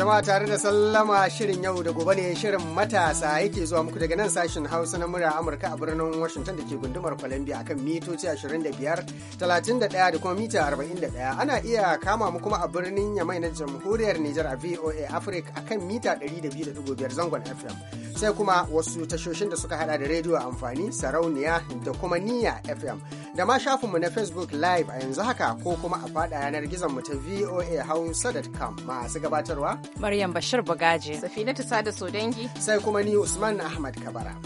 Jama'a tare da sallama shirin yau da gobe ne shirin matasa yake zuwa muku daga nan sashen Hausa na murya Amurka a birnin Washington da ke gundumar Columbia akan mitoci 25, 31 da kuma mita 41. Ana iya kama mu kuma a birnin Yamai na Jamhuriyar Niger a VOA Africa akan mita 200.5 zangon FM. Sai kuma wasu tashoshin da suka hada da rediyo amfani, sarauniya da kuma niya FM. Da ma shafinmu na Facebook Live a yanzu haka ko kuma a fada yanar gizon mu ta voa hausa.com masu gabatarwa Maryam Bashir Bugaji. Safinatu Sada Sodangi. Sai kuma ni Usman Ahmad Kabara.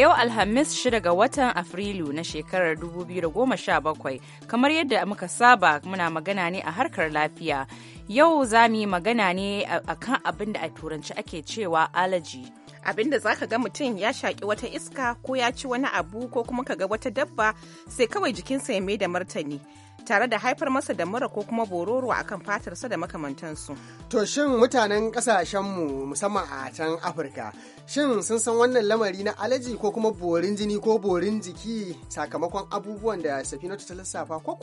yau Alhamis 6 ga watan Afrilu na shekarar 2017 kamar yadda muka saba muna magana ne a harkar lafiya. Yau za mu yi magana ne akan abin da a turanci ake cewa alaji. abinda za ka ga mutum ya shaƙi wata iska ko ya ci wani abu ko kuma ka ga wata dabba sai kawai jikinsa ya mai da martani tare da haifar masa da mura ko kuma bororo a kan fatarsa da makamantansu. To shin mutanen ƙasashenmu musamman a can Afirka Shin sun san wannan lamari na alaji ko kuma borin jini ko borin jiki sakamakon abubuwan da Safinatu ta lissafa ko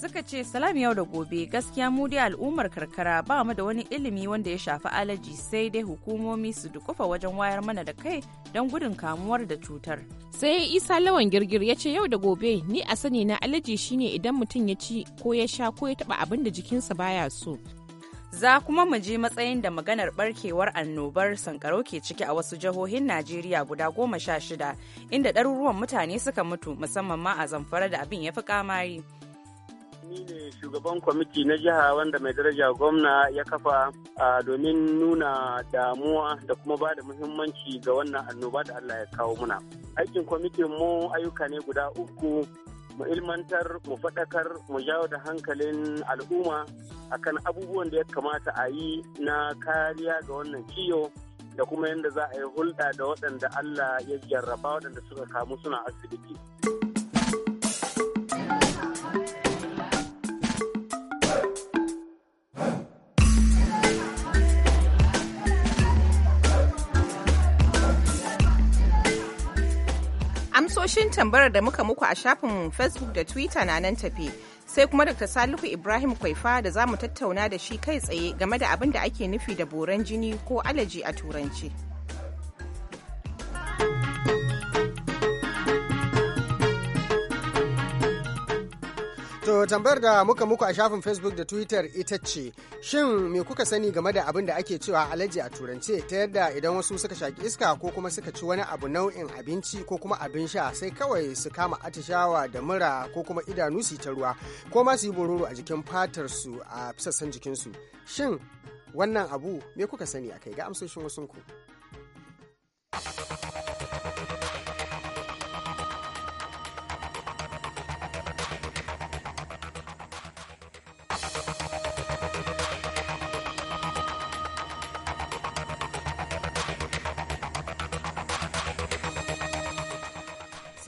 Suka ce salam yau da gobe gaskiya mu dai al'ummar karkara ba mu da wani ilimi wanda ya shafi alaji sai dai hukumomi su dukufa wajen wayar mana da kai don gudun kamuwar da cutar. Sai Isa Lawan Girgir ya ce yau da gobe ni a sani na alaji shine idan mutum ya ci ko ya sha ko ya taba abin da jikinsa baya so. Za kuma mu je matsayin da maganar barkewar annobar sankarau ke ciki a wasu jihohin Najeriya guda goma sha shida, inda ɗaruruwan mutane suka mutu musamman ma a zamfara da abin ya fi kamari. Ni ne shugaban kwamiti na jiha wanda mai daraja gwamna ya kafa domin nuna damuwa da kuma ba da muhimmanci ga wannan annoba da Allah ya kawo muna. Aikin kwamitin mu ayyuka ne guda uku mu ilmantar mu faɗakar mu jawo da hankalin al'umma akan abubuwan da ya kamata a yi na kariya ga wannan ciwo da kuma yadda za a yi hulɗa da waɗanda Allah ya jarraba waɗanda suka kamu suna asibiti. amsoshin tambarar da muka muku a shafin facebook da twitter na nan tafi sai kuma dr salihu ibrahim kwaifa da za mu tattauna da shi kai tsaye game da abin da ake nufi da boran jini ko alaji a turanci. To tambayar da muka muku a shafin Facebook da Twitter ita ce, shin me kuka sani game da abin da ake cewa alaji a turance ta yadda idan wasu suka shaki iska ko kuma suka ci wani abu nau'in abinci ko kuma abin sha sai kawai su kama atishawa da mura ko kuma idanu su ta ruwa ko ma su yi bororo a jikin fatar su a sassan jikin su. Shin wannan abu me kuka sani akai ga amsoshin wasu ku.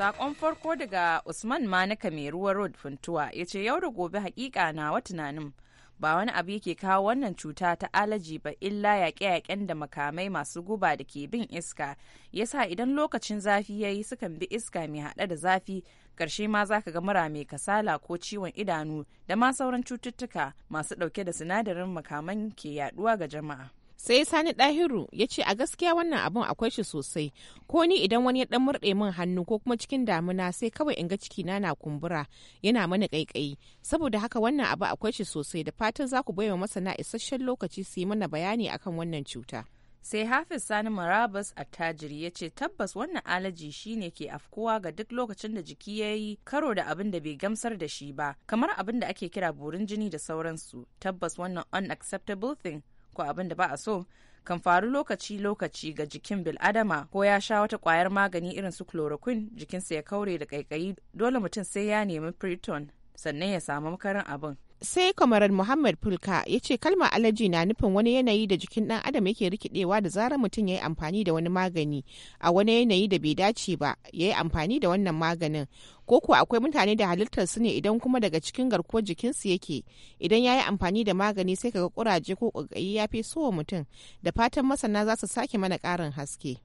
Sakon farko daga Usman Manaka mai ruwa Road Funtuwa ya ce yau da gobe hakika na wa tunanin ba wani abu yake kawo wannan cuta ta alaji ba illa yaƙe-yaƙen da makamai masu guba da ke bin iska yasa idan lokacin zafi ya yi sukan bi iska mai haɗa da zafi ƙarshe ma za ka ga mura mai kasala ko ciwon idanu da ma sauran cututtuka masu ɗauke da sinadarin makaman ke yaɗuwa ga jama'a. sai sani dahiru ya ce a gaskiya wannan abun akwai shi sosai ko ni idan wani ya dan murɗe min hannu ko kuma cikin damuna sai kawai in ga cikina na kumbura yana mani kaikayi saboda haka wannan abu akwai shi sosai da fatan za ku baiwa masana isasshen lokaci su yi mana bayani akan wannan cuta sai hafiz sani marabas attajiri ya ce tabbas wannan alaji shine ke afkuwa ga duk lokacin da jiki ya yi karo da abin da bai gamsar da shi ba kamar abin da ake kira burin jini da sauransu tabbas wannan unacceptable thing ko abin da ba a so kan faru lokaci-lokaci ga jikin bil'adama ko ya sha wata kwayar magani irin su chloroquine jikinsa ya kaure da kaikayi dole mutum sai ya nemi preton sannan ya samu makarin abin sai kamarar muhammad fulka ya ce kalmar alaji na nufin wani yanayi da jikin dan adam yake rikidewa da zarar mutum ya yi amfani da wani magani a wani yanayi da bai dace ba ya yi amfani da wannan maganin ko kuwa akwai mutane da halittar su ne idan kuma daga cikin garkuwar jikinsu yake idan ya yi amfani da magani sai kaga kuraje ko ƙoƙari ya fi sowa mutum da fatan masana za su sake mana karin haske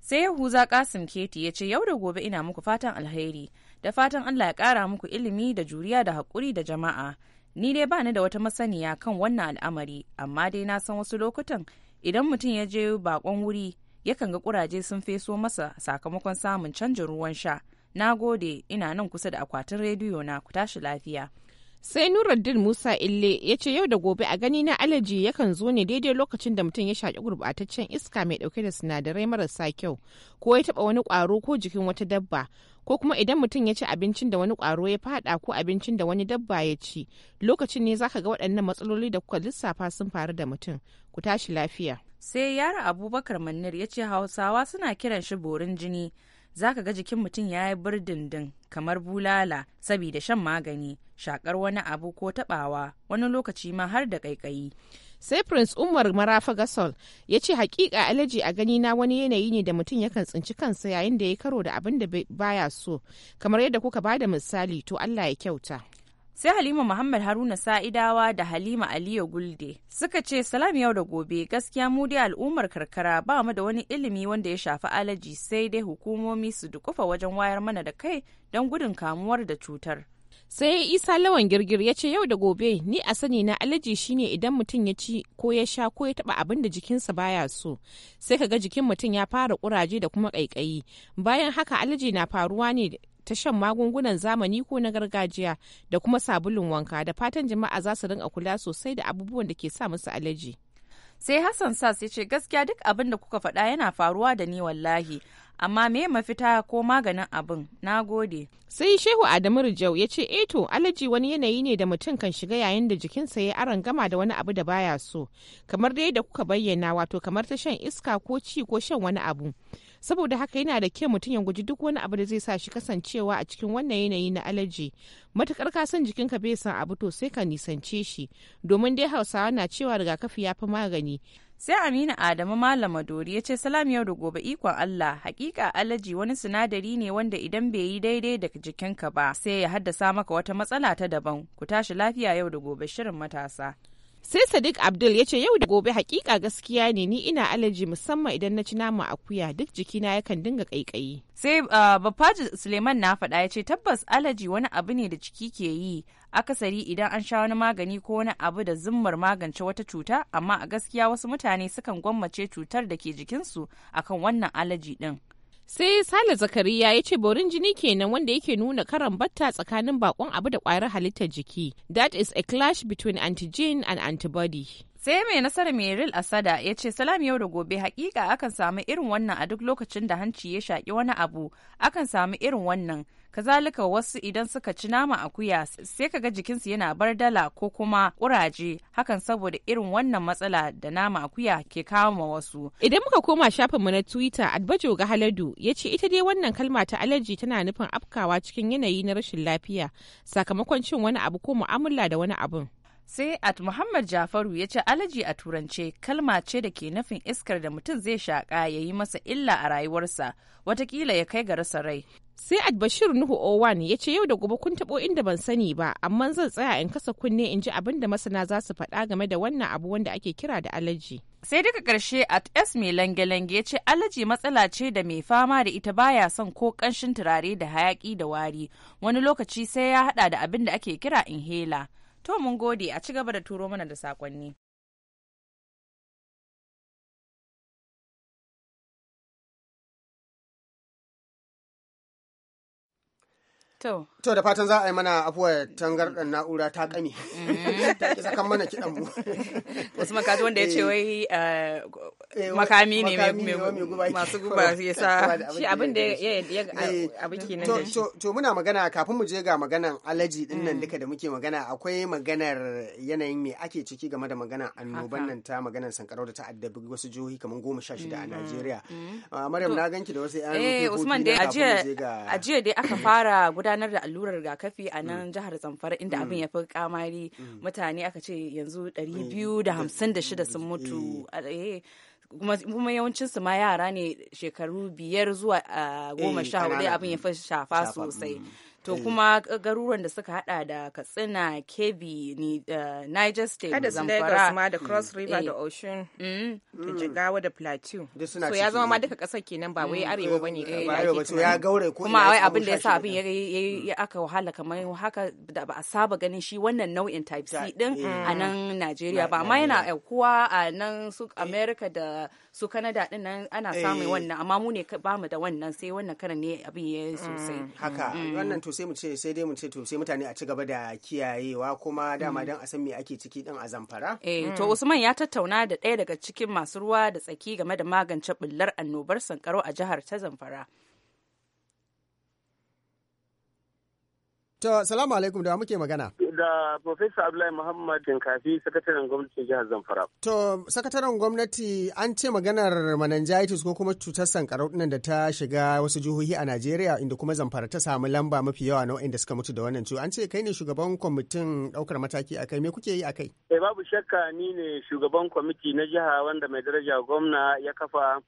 sai yahuza kasim keti ya ce yau da gobe ina muku fatan alheri da fatan allah ya kara muku ilimi da juriya da haƙuri da jama'a Ni dai ba ni da wata masaniya kan wannan al'amari, amma dai na san wasu lokutan idan mutum ya je bakon wuri yakan ga kuraje sun feso masa sakamakon samun canjin ruwan sha. Na gode ina nan kusa da akwatin rediyo na ku tashi lafiya. sai nuruddin musa ille ya ce yau da gobe a gani na alaji yakan zo ne daidai lokacin da mutum ya shaƙi gurbataccen iska mai ɗauke da sinadarai marasa kyau ko ya taɓa wani ƙwaro ko jikin wata dabba ko kuma idan mutum ya ci abincin da wani ƙwaro ya fada ko abincin da wani dabba ya ci lokacin ne zaka ga waɗannan matsaloli da kuka lissafa sun faru da mutum ku tashi lafiya sai yara abubakar mannir ya ce hausawa suna kiran shi borin jini za ka ga jikin mutum ya yi birdindin kamar bulala saboda shan magani shakar wani abu ko tabawa wani lokaci ma har da kaikayi sai prince umar marafa gasol ya ce hakika alaji a gani na wani yanayi ne da mutum yakan tsinci kansa yayin da ya karo da abin da baya so kamar yadda kuka bada misali to allah ya kyauta sai halima muhammad haruna sa'idawa da halima aliyu gulde suka ce salam yau da gobe gaskiya mu dai al'ummar karkara ba mu da wani ilimi wanda ya shafi alaji sai dai hukumomi su dukufa wajen wayar mana da kai don gudun kamuwar da cutar sai isa lawan girgir ya ce yau da gobe ni a sani na alaji shine idan mutum ya ci ko ya sha ko ya taba abin da jikinsa baya so sai kaga jikin mutum ya fara kuraje da kuma ƙaiƙayi bayan haka alaji na faruwa ne ta shan magungunan zamani ko na gargajiya da kuma sabulun wanka da fatan jama'a za su rinka kula sosai da abubuwan da ke sa musu alaji sai hassan sas ya ce gaskiya duk abin da kuka faɗa yana faruwa da ni wallahi amma me mafita ko maganin abin na gode sai shehu adamu rijau ya ce eto eh alaji wani yanayi ne da mutum kan shiga yayin da jikinsa ya aron gama da wani abu da baya so kamar dai da kuka bayyana wato kamar ta shan iska ko ci ko shan wani abu saboda haka yana da kyau mutum ya guji duk wani abu da zai sa shi kasancewa a cikin wannan yanayi na alaji matukar ka san jikinka bai san abu to sai ka nisance shi domin dai hausawa na cewa rigakafi ya fi magani sai aminu adamu Malam dori ya ce salam yau da gobe ikon allah hakika alaji wani sinadari ne wanda idan bai yi daidai da jikinka ba sai ya haddasa maka wata matsala ta daban ku tashi lafiya yau da gobe shirin matasa sai sadiq abdul ya ce yau da gobe hakika gaskiya ne ni ina alaji musamman idan na ci nama akuya duk jikina yakan dinga kaikayi sai uh, bafaji suleiman na faɗa ya ce tabbas alaji wani abu ne da ciki ke yi akasari idan an sha wani magani ko wani abu da zummar magance wata cuta amma a gaskiya wasu mutane sukan gwammace cutar da ke jikinsu akan wannan alaji din sai sale zakariya ya ce borin jini kenan wanda yake nuna karan batta tsakanin bakon abu da kwayar halittar jiki that is a clash between antigen and antibody sai mai nasarar meril asada ya ce salam yau da gobe hakika akan samu irin wannan a duk lokacin da hanci ya shaki wani abu akan samu irin wannan kazalika wasu idan suka ci nama akuya sai kaga jikinsu yana bar dala ko kuma kuraje hakan saboda irin wannan matsala da nama akuya ke kawo ma wasu idan muka koma shafinmu na twitter adbajo ga haladu ya ce ita dai wannan kalma ta alaji tana nufin afkawa cikin yanayi na rashin lafiya sakamakon cin wani abu ko mu'amala da wani abun sai at muhammad jafaru ya ce alaji a turance kalma ce da ke nufin iskar da mutum zai shaƙa ya yi masa illa a rayuwarsa watakila ya kai ga rasa rai sai at bashir nuhu owan ya ce yau da gobe kun taɓo inda ban sani ba amma zan tsaya in kasa kunne in ji abin da masana za su faɗa game da wannan abu wanda ake kira da alaji sai daga ƙarshe at s mai lange-lange ya ce alaji matsala ce da mai fama da ita baya son ko ƙanshin turare da hayaƙi da wari wani lokaci sai ya haɗa da abin da ake kira inhaler To mun gode a ci gaba da turo mana da sakonni. To. da fatan za a yi mana afuwa tangarɗar na'ura ta kame. Mm-hmm. Ta ki sakan mana kiɗan mu. Wasu makaji wanda ya ce wai eh. Eh, eh, makami ne masu guba ya sa shi abin da ya abin nan da shi. To muna magana kafin mu je ga maganan alaji din nan mm. duka da muke magana akwai maganar yanayin me ake ciki game da maganar annoban nan ta maganar sankarau da ta addabi wasu jihohi kamar goma sha shida a mm-hmm. Najeriya. Mm-hmm. Ah, Maryam na ganki da wasu 'yan. Eh Usman dai a jiya dai aka fara guda. gudanar da allurar rigakafi a nan mm. jihar zamfara inda mm. abin ya fi kamari mm. mutane aka ce yanzu 256 sun mutu eh. Eh. kuma yawancinsu ma yara ne shekaru biyar zuwa ah, goma eh, sha hudu abin ya fi shafa sosai to eh. kuma garuruwan da suka hada da katsina kebbi eh, niger state zamfara da mm. cross river da eh. ocean mm. da mm. jigawa da plateau so ya zama ma duka kasar kenan ba wai arewa ba ne ya gaure ko kuma wai abin da ya sa abin ya aka wahala kamar haka da ba a saba ganin shi wannan nau'in type c din a nan najeriya ba amma yana aukuwa a nan su america da su canada din nan ana samun wannan amma mu ne ba mu da wannan sai wannan karan ne abin ya sosai haka wannan to sai mu ce sai dai mu ce to sai mutane a ci gaba da kiyayewa kuma dama mm. dan a san me ake ciki din a zamfara eh to mm. Usman ya tattauna da ɗaya daga cikin masu ruwa da tsaki game da magance bullar annobar sankaro a jihar ta Zamfara to salamu alaikum da muke magana da Profesa Abdullahi Muhammad Dinkafi, sakataren gwamnatin jihar Zamfara. To, sakataren gwamnati an ce maganar meningitis ko kuma cutar sankarau nan da ta shiga wasu jihohi a Najeriya inda kuma Zamfara ta samu lamba mafi yawa na waɗanda suka mutu da wannan ciwo. An ce kai ne shugaban kwamitin ɗaukar mataki a kai, me kuke yi a kai? Eh babu shakka ni ne shugaban kwamiti na jiha wanda mai daraja gwamna ya kafa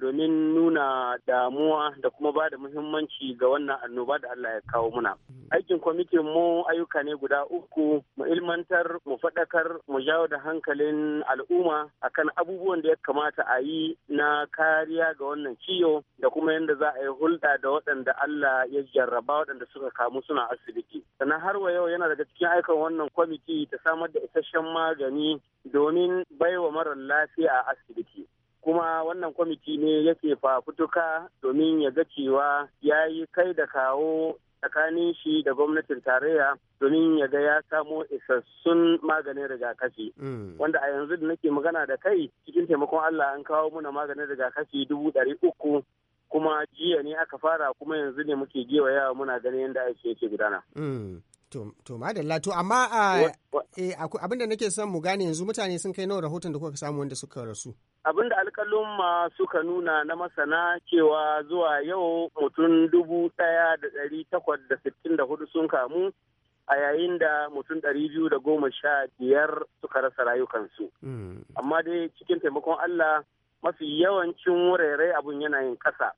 domin nuna damuwa da kuma ba da muhimmanci ga wannan annoba da Allah ya kawo muna. Mm. Aikin kwamitin mu ayyuka ne guda uku mu ilmantar mu faɗakar mu jawo da hankalin al'umma akan abubuwan da ya kamata a yi na kariya ga wannan ciwo da kuma yadda za a yi hulɗa da waɗanda Allah ya jarraba waɗanda suka kamu suna asibiti. Sannan har wa yau yana daga cikin aikin wannan kwamiti ta samar da isasshen magani domin baiwa mara lafiya a asibiti. kuma wannan kwamiti ne yake fafutuka domin ya ga cewa ya yi kai da kawo tsakanin shi da gwamnatin tarayya domin ya ga ya samo isassun maganin rigakafi mm. wanda a yanzu da nake magana da kai cikin taimakon Allah an kawo muna maganin rigakafi dubu ɗari uku kuma jiya ne aka fara kuma yanzu ne muke gewa yawa muna ganin yadda ake yake gudana. Mm. To madalla to amma eh, abinda nake son mu gane yanzu mutane sun kai nawa rahoton da kuka samu wanda suka rasu. Abinda alƙalin ma suka nuna na masana cewa zuwa yau mutum dubu ɗaya da ɗari takwas da sittin da hudu sun kamu a yayin da mutum ɗari biyu da goma sha biyar suka rasa rayukansu. Hmm. Amma dai cikin taimakon Allah mafi yawancin wurare abun yana yin ƙasa.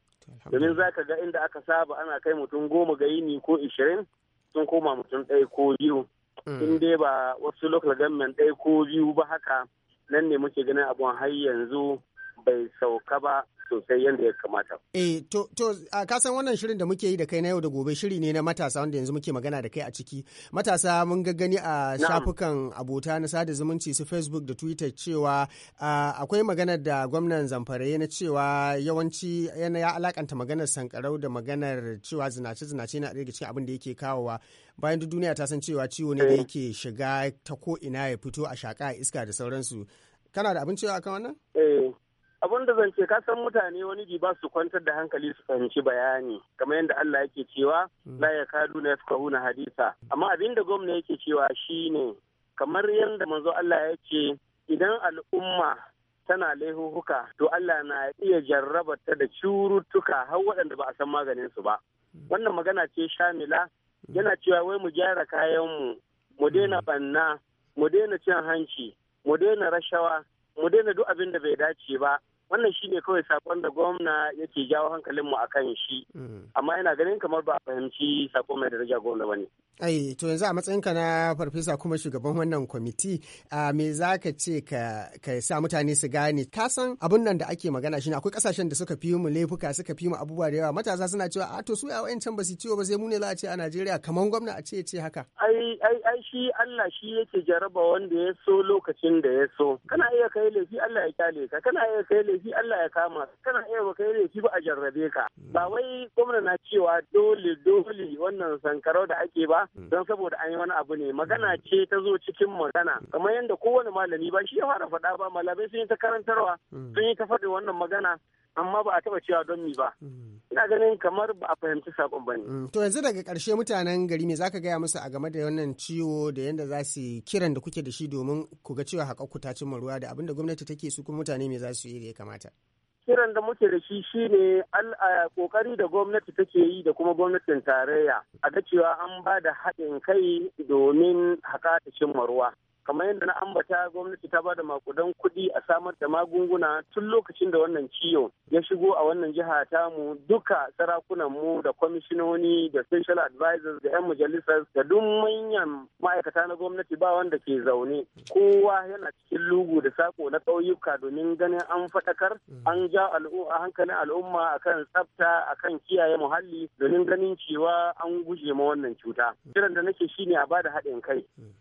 Domin za ka ga inda aka saba ana kai mutum goma ga yini ko ishirin sun koma mutum ɗaya ko biyu hmm. in dai ba wasu local government ɗaya ko biyu ba haka nan ne muke ganin abun har yanzu bai sauka ba sosai yadda ya kamata. Eh, to, to a kasan wannan shirin da muke yi da kai na yau da gobe shiri ne na matasa wanda yanzu muke magana da kai a ciki. Matasa mun gani a shafukan abota na sada zumunci su Facebook da Twitter cewa akwai magana da gwamnan Zamfara na cewa yawanci yana ya alakanta maganar sankarau da maganar cewa zinace-zinace na daga cikin abin da yake kawowa. Bayan duk duniya ta san cewa ciwo ne da eh. yake shiga ta ko ina ya fito a shaka iska da sauransu. Kana da abin cewa akan wannan? Eh. abin da zance ka san mutane wani bi ba su kwantar da hankali su fahimci bayani kamar yadda Allah yake cewa hmm. la ya kadu na yafkahuna hadisa amma abin da gwamna yake cewa shine kamar yadda manzo Allah ya ce idan al'umma tana laihuhuka to Allah na iya jarraba ta da curuttuka har waɗanda ba a san maganin su ba hmm. wannan magana ce shamila hmm. yana cewa wai mu gyara kayan mu, mu daina banna mu daina cin hanci mu daina rashawa mu daina duk abin da bai dace ba wannan shi ne kawai sakon da gwamna yake jawo hankalinmu a kan shi mm. amma yana ganin kamar ba a fahimci sako mai daraja gwamna ba ne ai to yanzu a matsayinka na farfesa kuma shugaban wannan kwamiti a me za ka ce ka sa mutane su gane ka san abun nan da ake magana shine akwai kasashen da suka fi mu laifuka suka fi mu abubuwa da yawa matasa suna cewa a ah, to su ya wayancan ba su ciwo ba sai mu ne za a ce a Najeriya Kamar gwamna a ce ce haka ai ai ai shi Allah shi yake jaraba wanda ya so lokacin da ya so kana iya kai laifi Allah ya kyale ka kana iya kai laifi Allah ya kama kana iya ba kai laifi ba a jarrabe ka ba wai gwamna na cewa dole dole wannan sankarau da ake ba Hmm. don saboda an yi wani abu ne magana hmm. ce ta zo cikin magana kamar yadda kowane malami ba shi ya fara faɗa ba malamai sun yi ta karantarwa hmm. sun yi ta faɗi wannan magana amma ba a taɓa cewa don mi ba ina ganin kamar ba a fahimci sakon ba ne. to yanzu daga karshe mutanen gari me zaka gaya musu a game da wannan ciwo da yadda za su kiran da kuke da shi domin ku ga cewa haƙa ku ta cimma ruwa da abin da gwamnati take su kuma mutane me za su yi da ya kamata. kiran da muke da shi shine kokari da gwamnati take yi da kuma gwamnatin tarayya a ga cewa an ba da haɗin kai domin haƙa ta cimma ruwa kamar yadda na ambata gwamnati ta bada makudan kuɗi a samar da magunguna tun lokacin da wannan ciwo ya shigo a wannan jiha ta mu duka sarakunan mu da kwamishinoni da special advisors da 'yan majalisar da duk manyan ma'aikata na gwamnati ba wanda ke zaune kowa yana cikin lugu da sako na ƙauyuka domin ganin an faɗakar an ja al'umma hankalin al'umma akan tsafta akan kiyaye muhalli domin ganin cewa an guje ma wannan cuta kiran da nake shine a bada haɗin kai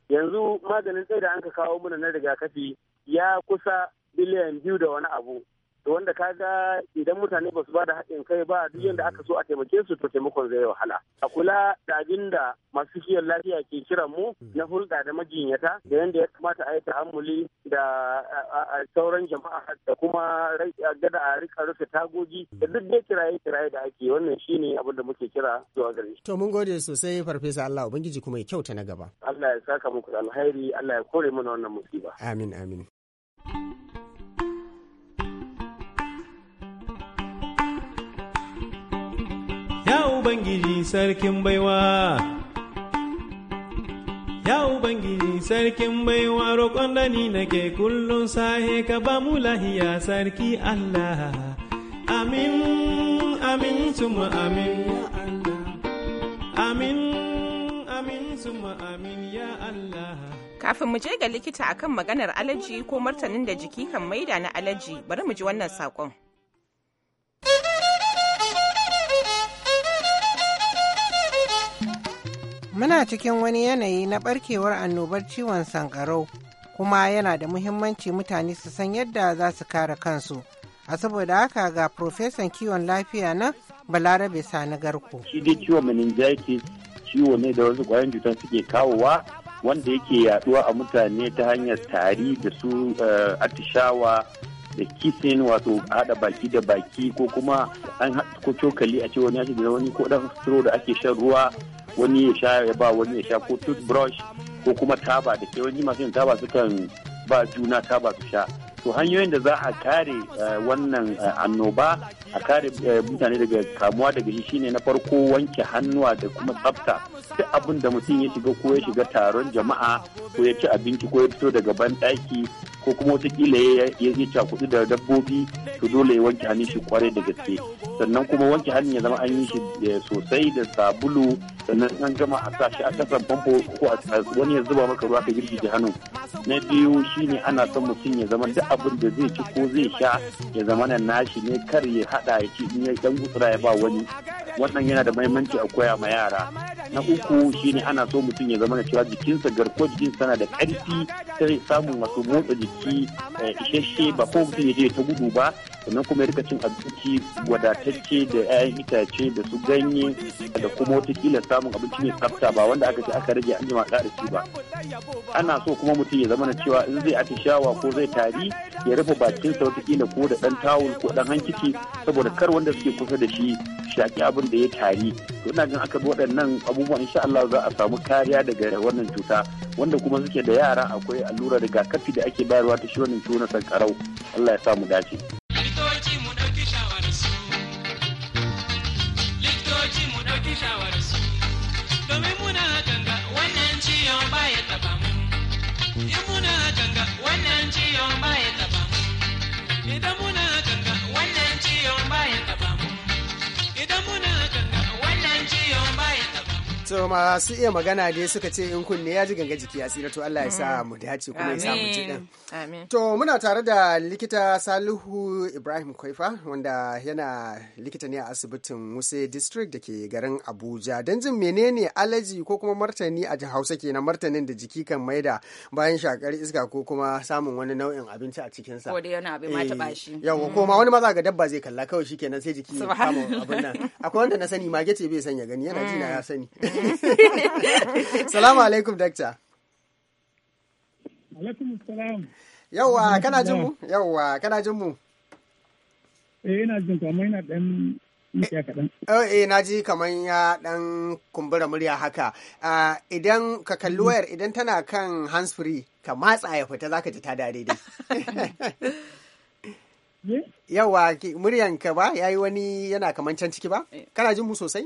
yanzu maganin da an ka kawo mana na rigakafi ya kusa biliyan biyu da wani abu to wanda ka ga idan mutane ba su ba da haɗin kai ba duk yadda aka so a taimake su to taimakon zai wahala a kula da abin da masu kiyon lafiya ke kiran mu na hulɗa da majinyata da yadda ya kamata a yi ta'ammuli da sauran jama'a da kuma gada a rika rufe tagogi da duk dai kiraye kiraye da ake wannan shine abin da muke kira zuwa gare shi. to mun gode sosai farfesa Allah ubangiji kuma ya kyauta na gaba. Allah ya saka muku alheri Allah ya kore mana wannan musiba. amin amin. Ya Ubangiji sarkin baiwa. Ya Ubangiji sarkin baiwa roƙon da ni nake kullum sahe ka ba mu lahiya sarki Allah. Amin, amin, suma amin, ya Allah. Amin, amin, suma amin, ya Allah. Kafin mu je ga likita akan maganar alaji ko martanin da jiki kan maida na alaji, bari mu ji wannan saƙon. Muna cikin wani yanayi na barkewar annobar ciwon sankarau kuma yana da muhimmanci mutane su san yadda za su kare kansu. A saboda haka ga Profesan kiwon lafiya na Balarabe Sani Garko. Shi dai ciwon meningitis ciwo ne da wasu ƙwayoyin cutar suke kawowa wanda yake yaduwa a mutane ta hanyar tari da su eh, atishawa da kisin wato hada baki da baki ko kuma an ko cokali a ce wani da wani ko dan da ake shan ruwa wani ya sha ya ba wani ya sha ko toothbrush ko kuma taba da ke wani masu taba sukan ba juna taba su sha to hanyoyin da za a kare eh, wannan eh, annoba a kare eh, mutane daga kamuwa daga shi shine na farko wanke hannuwa da kuma tsafta duk abin da mutum ya shiga ko ya shiga taron jama'a ko ya ci abinci ko ya fito daga banɗaki ko kuma watakila ya yi cakudu da dabbobi to dole ya wanke hannun shi kwarai da gaske sannan kuma wanke hannun ya zama an yi shi eh, sosai da sabulu sannan an gama a sa shi a kasan famfo ko wani ya zuba maka ruwa ka girgije hannu na biyu shine ana son mutum ya zama duk abin da zai ci ko zai sha ya zama na nashi ne kar ya hada ya ci in ya dan gutsura ya ba wani wannan yana da mahimmanci a koya ma yara na uku shine ana so mutum ya zama na cewa jikinsa garkuwa jikinsa na da karfi sai samun wasu motsa jiki Ki eh, isasshe ba ko mutum ya je ta gudu ba sannan kuma ya cin abinci wadatacce da 'ya'yan itace da su ganye da kuma watakila samun abinci mai tsafta ba wanda aka ce aka rage an jima ƙara shi ba ana so kuma mutum ya zama na cewa in zai shawa ko zai tari ya rufe bakinsa watakila ko da ɗan tawul ko ɗan hankici saboda kar wanda suke kusa da shi shaki abin da ya tari to ina gan aka bi waɗannan abubuwan insha Allah za a samu kariya daga wannan cuta wanda kuma suke da yara akwai allurar rigakafi da ake bayarwa ta shi wannan ciwo na sankarau Allah ya sa mu dace shawararsu domin muna ganga wannan ciyon baya taba mu in muna ganga wannan ciyon baya to masu iya magana ne suka ce in kunne ya ji ganga jiki ya tsira to Allah ya sa mu dace kuma ya sa mu ji din to muna tare da likita Salihu Ibrahim Kwaifa wanda yana likita ne a asibitin Wuse district da ke garin Abuja dan jin menene allergy ko kuma martani a Hausa kenan martanin da jiki kan maida bayan shakar iska ko kuma samun wani nau'in abinci a cikin sa ko da yana abin ma bashi. shi eh, ko ma wani ma za ga dabba zai kalla kawai shikenan sai jiki ya kama abin nan akwai wanda na sani ma, gece bai sanya gani yana jina ya sani Salamu alaikum, Dakta. Alaikum salam. Yawwa, kana jin mu? Yawwa, kana jin mu? Eh, ina jin kamar ina ɗan oh, eh na ji kamar ya dan kumbura murya haka ah, idan ka kalli mm-hmm. wayar idan tana kan hands free ka matsa ya fita zaka ji ta da dai yawa muryan ka ba yayi wani yana kamancin can ciki ba eh. kana jin mu sosai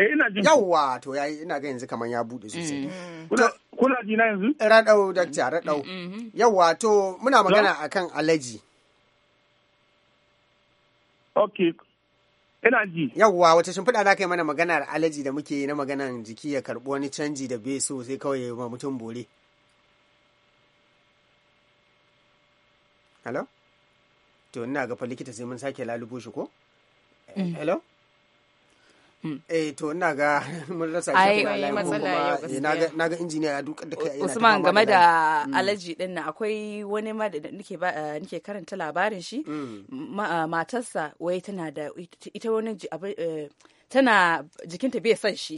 Eh ina jin. Yawwa to yayi ina ga yanzu kaman ya bude sosai. Mm. Kuna ji na yanzu? Raɗau dakta radau mm, mm, Yawwa to muna magana akan alaji. Ok. Ina ji. Yawwa wace shimfiɗa za ka yi mana maganar alaji da muke na maganar jiki ya karɓi wani canji da bai so sai kawai ma mutum bore. Hello? To ina ga fa likita sai mun sake lalubo shi ko? Hello? eh to ina ga mun rasa shi ai matsala yau eh, na ga injiniya ya dukar da kai Usman game da mm. alaji din nan akwai wani ma da nake eh, nake karanta labarin shi mm. eh, matarsa wai tana da ita wani tana jikinta bai son shi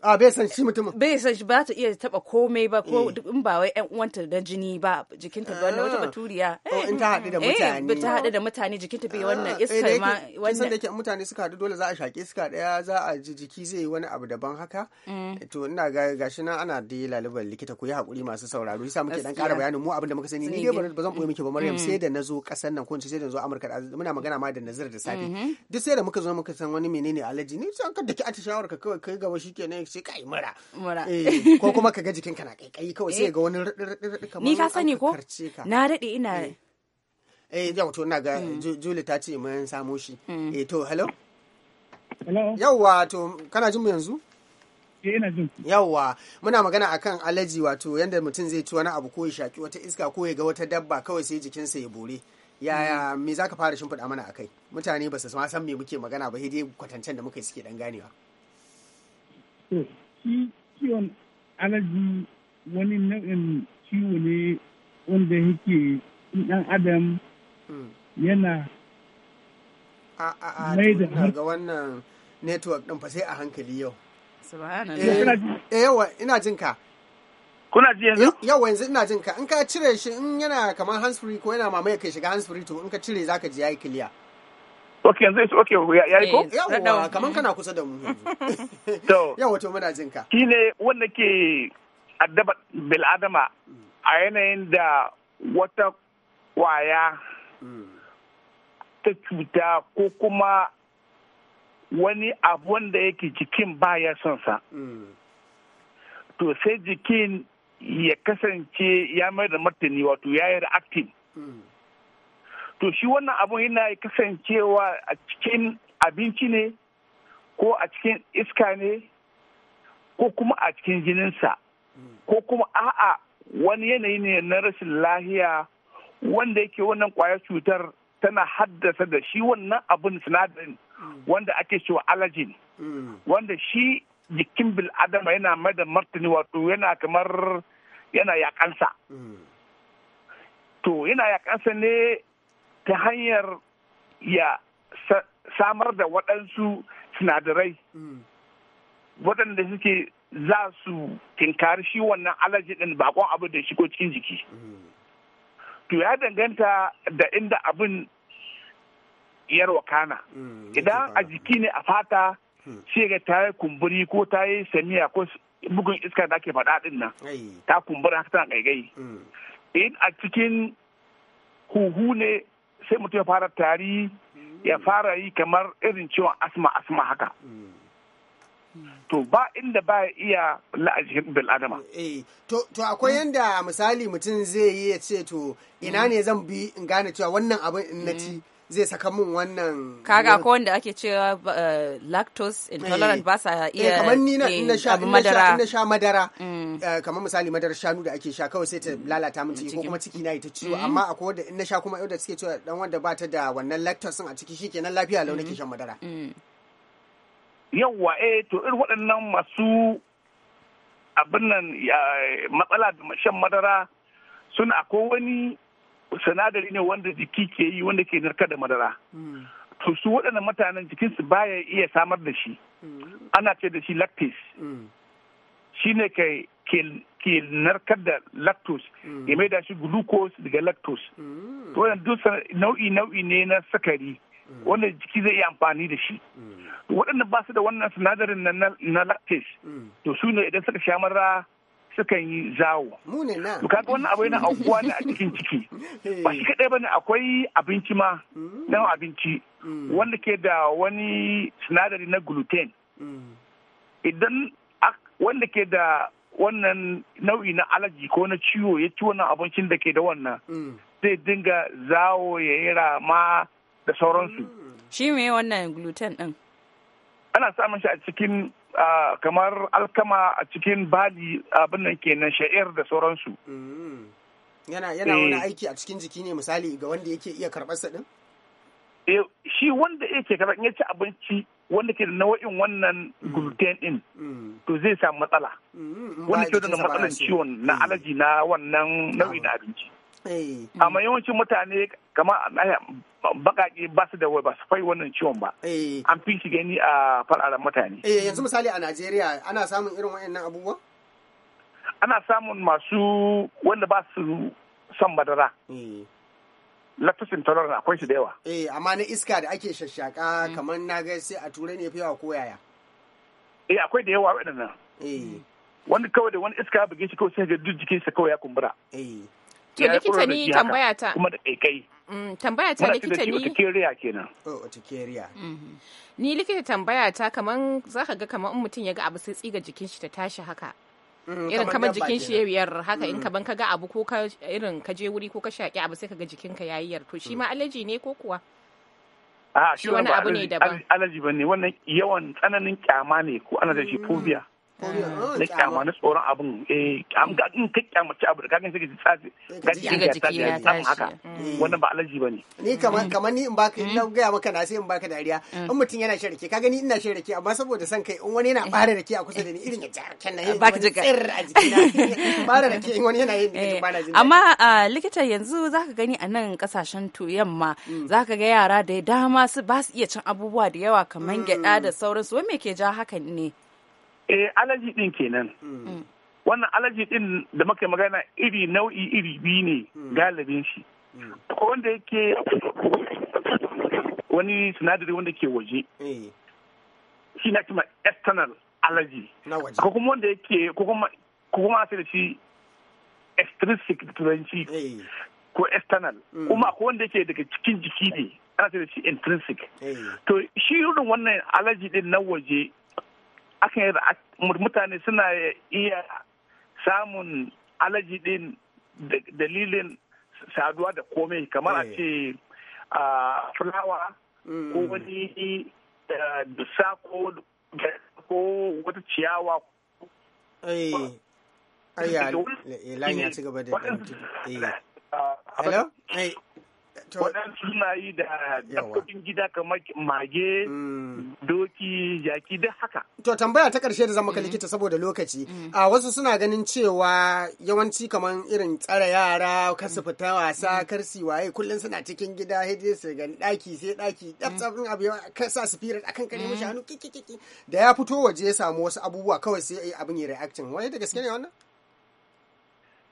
a ah, bai san shi mutumin bai san shi ba ta iya taba komai ba ko eh. in ba wai yan uwanta da jini ba jikinta ba wannan wata ah. baturiya in ta haɗu da eh, eh, mutane ta haɗu da mutane jikinta bai wannan ah, iskar ma wannan san da yake mutane suka haɗu dole za a shaƙe suka daya za a ji jiki zai yi wani abu daban haka mm. to ina ga gashi nan ana da lalubar likita ku yi hakuri masu sauraro yasa muke dan ƙara bayanin mu abin da muka sani ni dai ba zan boye mm. miki ba Maryam mm. sai da nazo ƙasar nan ko in sai da nazo Amurka muna magana ma da Nazir da Safi mm-hmm. duk sai da muka zo muka san wani menene alaji ni sai an ka daki a shawara ka kai gaba shikenan sai kai mura mura eh, ko kuma ka ga jikinka na kaikayi kawai sai eh. ga wani rudi kamar ni ka sani ko na dade ina eh yau to ina ga Julie ta ce mun samu shi eh to hello hello yauwa to kana jin mu yanzu yawwa muna magana akan alaji wato yadda mutum zai ci wani abu ko ya shaki wata iska ko ya ga wata dabba kawai sai jikinsa ya bore yaya me zaka fara shimfiɗa mana akai mutane ba su san me muke magana ba dai kwatancen da muka suke ɗan ganewa to shi ciwon alaji wani nau'in ciwo ne wanda yake in ɗan adam hmm. yana mai da ga wannan network ɗin fa sai a hankali yau eh, eh, yawa ina jin ka kuna ji yanzu eh, yawa yanzu ina jin ka in ka cire shi in yana kamar hands free ko yana mamaye kai shiga hands free to in ka cire zaka ji yayi clear. ok yanzu it's ok ya yi ko eh, yawa kamar kana kusa da mu to yawa to muna jin ka shi ne wanda ke addaba bil'adama a yanayin da wata kwaya mm. ta cuta ko kuma wani abu wanda yake jikin baya son sa mm. to sai jikin ya kasance ya mai da martani wato ya yi reactive mm. to shi wannan abun yana kasancewa a cikin abinci ne ko a cikin iska ne ko kuma a cikin jininsa ko kuma a'a wani yanayi ne na rashin lahiya wanda yake wannan kwayar cutar tana haddasa da shi wannan abin sinadarin wanda ake cewa allergen wanda shi jikin bil'adama yana mai da martini wato yana kamar yana yakansa mm. to yana yakansa ne ta hanyar ya samar da waɗansu sinadarai hmm. waɗanda suke za su tinkari shi wannan alaji ɗin bakon abu da shigo cikin jiki hmm. to ya danganta da inda abin yarwa kana hmm, idan a jiki ne a fata sai ga ta yi kumburi ko ta yi samiya ko bugun iska da ake faɗa ɗin nan ta kumbura tana gaigai. in a cikin huhu ne sai mutum ya fara tari ya fara yi kamar irin ciwon asma asma haka to ba inda ba ya iya la'ajin bil'adama. Eh, to akwai yanda misali mutum zai yi ya ce to ina ne zan bi in gane cewa wannan abin in na ci mm. zai saka mun wannan kaga ko wanda ake cewa uh, lactose intolerant eh. ba sa eh, iya kamar ni na sha madara sha madara mm. eh, kamar misali madarar shanu da ake sha kawai sai ta lalata mun ciki ko kuma ciki na ita ciwo mm. amma akwai wanda in na sha kuma yau da suke cewa dan wanda ba ta da wannan lactose a ciki shikenan lafiya lau nake mm. shan madara yawwa eh to irin waɗannan masu abin nan matsala da shan madara suna akwai wani sinadari ne wanda jiki ke yi wanda ke narka da madara to su waɗannan mutanen jikinsu baya iya samar da shi ana ce da shi lactase shi ne ke narkar da lactose ya mai da shi glucose daga lactose to wannan duk nau'i nau'i ne na sakari wanda jiki zai iya amfani da shi waɗanda ba su da wannan sinadarin na lactase to su ne idan suka sha madara sukan yi zawo. Mu ne na. wannan abu yana aukuwa ne a cikin ciki. Ba shi kaɗai bane akwai abinci ma mm. na abinci mm. wanda ke da wani sinadari na gluten. Mm. Idan wanda ke da wannan nau'i na alaji ko na ciwo ya ci wannan abincin da ke da wannan zai dinga zawo ya yi rama da sauransu. Shi me wannan gluten ɗin? Ana samun shi a cikin kamar alkama a cikin bali abin nan kenan sha'ir da sauransu mm. yana yana wani eh. aiki a cikin jiki ne misali ga wanda yake iya karɓar sa din eh, shi wanda yake karɓar in ya ci abinci wanda ke da nau'in wannan mm. gluten ɗin mm. to zai samu matsala wanda ke da matsalan ciwon na alaji na wannan nau'i na abinci Eh. a yawancin mutane kama bakaki ba su da ba su fai wannan ciwon ba eh. an fi shi gani a fararen mutane eh, yanzu misali a najeriya ana samun irin waɗannan abubuwa ana samun masu wanda ba su son madara lactose intolerant akwai shi da yawa amma na iska da ake shashaka mm. kamar na ga sai a turai ne fi yawa ko yaya eh akwai da yawa waɗannan eh Wani kawai da wani iska buge shi kawai sai ga duk jikinsa kawai ya kumbura eh To likita ni tambaya ta. Kuma da kai. Mm, tambaya ta likita ni. keriya kenan. Oh, urticaria. Oh, mm-hmm. Ni likita tambaya ta kaman ka ga kaman in mutum ya ga abu sai tsiga jikin shi ta tashi haka. Mm, irin kamar jikin shi biyar haka in mm. kaban ka ga abu ko ka irin ka je wuri ko ka shaƙi abu sai ka ga jikin ka yar. to shi ma alaji ne ko kuwa a shi wani abu ne daban alaji ne wannan yawan tsananin kyama ne ko ana da shi fobia. Mm. Oh, ni kyama na tsoron abin eh in ka kyamaci abu da kagan sai ka tsafi ka ji ga jiki ya tashi haka mm. Mm. wannan ba alaji bane ni kaman kaman ni in baka na gaya maka na sai in ba ka dariya in mutum yana shan rake kaga ni ina shan amma saboda san kai in wani yana bare eh. rake a kusa da ni irin ya jarken nan eh, baka ji tsir a jiki bare rake in wani yana yin ni eh, ba na jin amma ah, likita yanzu zaka gani a nan kasashen to yamma zaka ga yara da dama su ba su iya cin abubuwa da yawa kamar gyada da sauransu wai me ke ja hakan ne eh alaji din kenan hmm. wannan alaji din da muke magana iri nau'i iri biyu ne hmm. galibin shi hmm. ko wanda yake wani sinadari wanda ke waje eh. shi na kima external allergy ko kuma wanda yake ko kuma sai da shi extrinsic da turanci eh. ko external kuma ko wanda yake daga cikin jiki ne ana sai da shi intrinsic eh. to shi irin wannan allergy din na waje akan mutane suna iya samun alaji din dalilin saduwa da komai kamar a eh. ce fulawa mm. ko wani dusa ko wata ciyawa eh. Ayya, eh, ya ci gaba da Hello? waɗansu suna yi da dabbobin gida kamar mage mm. doki jaki duk haka to tambaya ta ƙarshe da zan ka mm. likita saboda lokaci mm. a wasu suna ganin cewa yawanci kamar irin tsara yara kasu fita wasa karsi waye kullum suna cikin gida hidde su gani ɗaki sai ɗaki tsabtsabin abu ya sa su firar akan kare mishi hannu kiki da ya fito waje ya samu wasu abubuwa kawai sai abin ya reaction wani da gaske ne wannan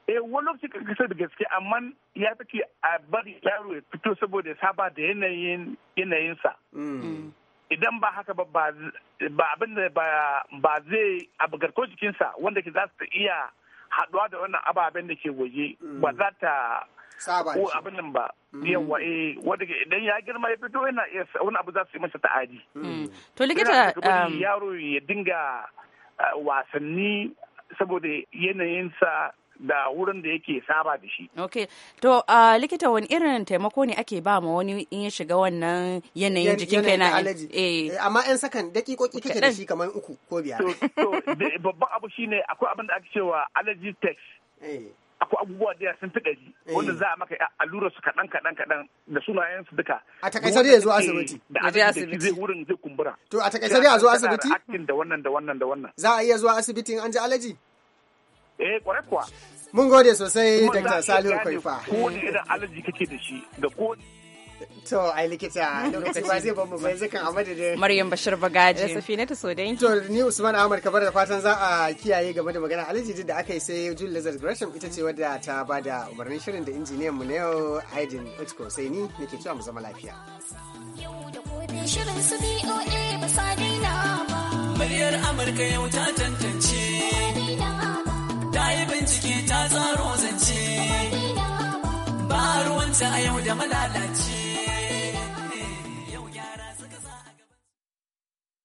eh wani lokaci ka kasa da gaske amma ya take a bari yaro ya fito saboda ya saba da yanayin yanayinsa mm. idan ba haka ba ba abin da ba zai abu garko jikinsa wanda ke za su iya haduwa da wannan ababen da ke waje mm. ba za ta ko abin ba mm. yawa eh wanda idan ya girma ya fito yana iya wani abu za su yi masa ta'adi to likita um, yaro ya dinga ah, wasanni saboda yanayinsa da wurin da yake saba da shi. Ok, to uh, likita wani irin taimako ne ake ba ma wani in ya shiga wannan yanayin jikin kai na alaji. Eh. Amma yan sakan dakikoki kake da shi kamar uku ko biyar. To, babban abu ne akwai abin da ake cewa allergy text. Eh. akwai abubuwa da sun fi ɗari eh. wanda za a maka allura su kaɗan kaɗan kaɗan da sunayen su duka. A takaice dai zo asibiti. Da asibiti zai wurin zai kumbura. To a takaice dai a zo asibiti? da wannan da wannan da wannan. Za a iya zuwa asibiti in an ji alaji? eh kware kuwa mun gode sosai Dr. Salihu Kwaifa ko da irin alaji kake da shi da ko To, ai likita lokaci ba zai bamu bai zukan a madadin. Maryam Bashir Bagaji. Ya safi na ta so dai. To, ni Usman Ahmad kabar da fatan za a kiyaye game da magana alaji da aka yi sai Jul lizard Gresham ita ce wadda ta ba da umarnin shirin da injiniyan mu na yau Aidin Utko sai ni nake cewa mu zama lafiya. Muryar Amurka yau ta tantance. Tayi bincike ta tsaro zance ba ruwanta a yau da malalace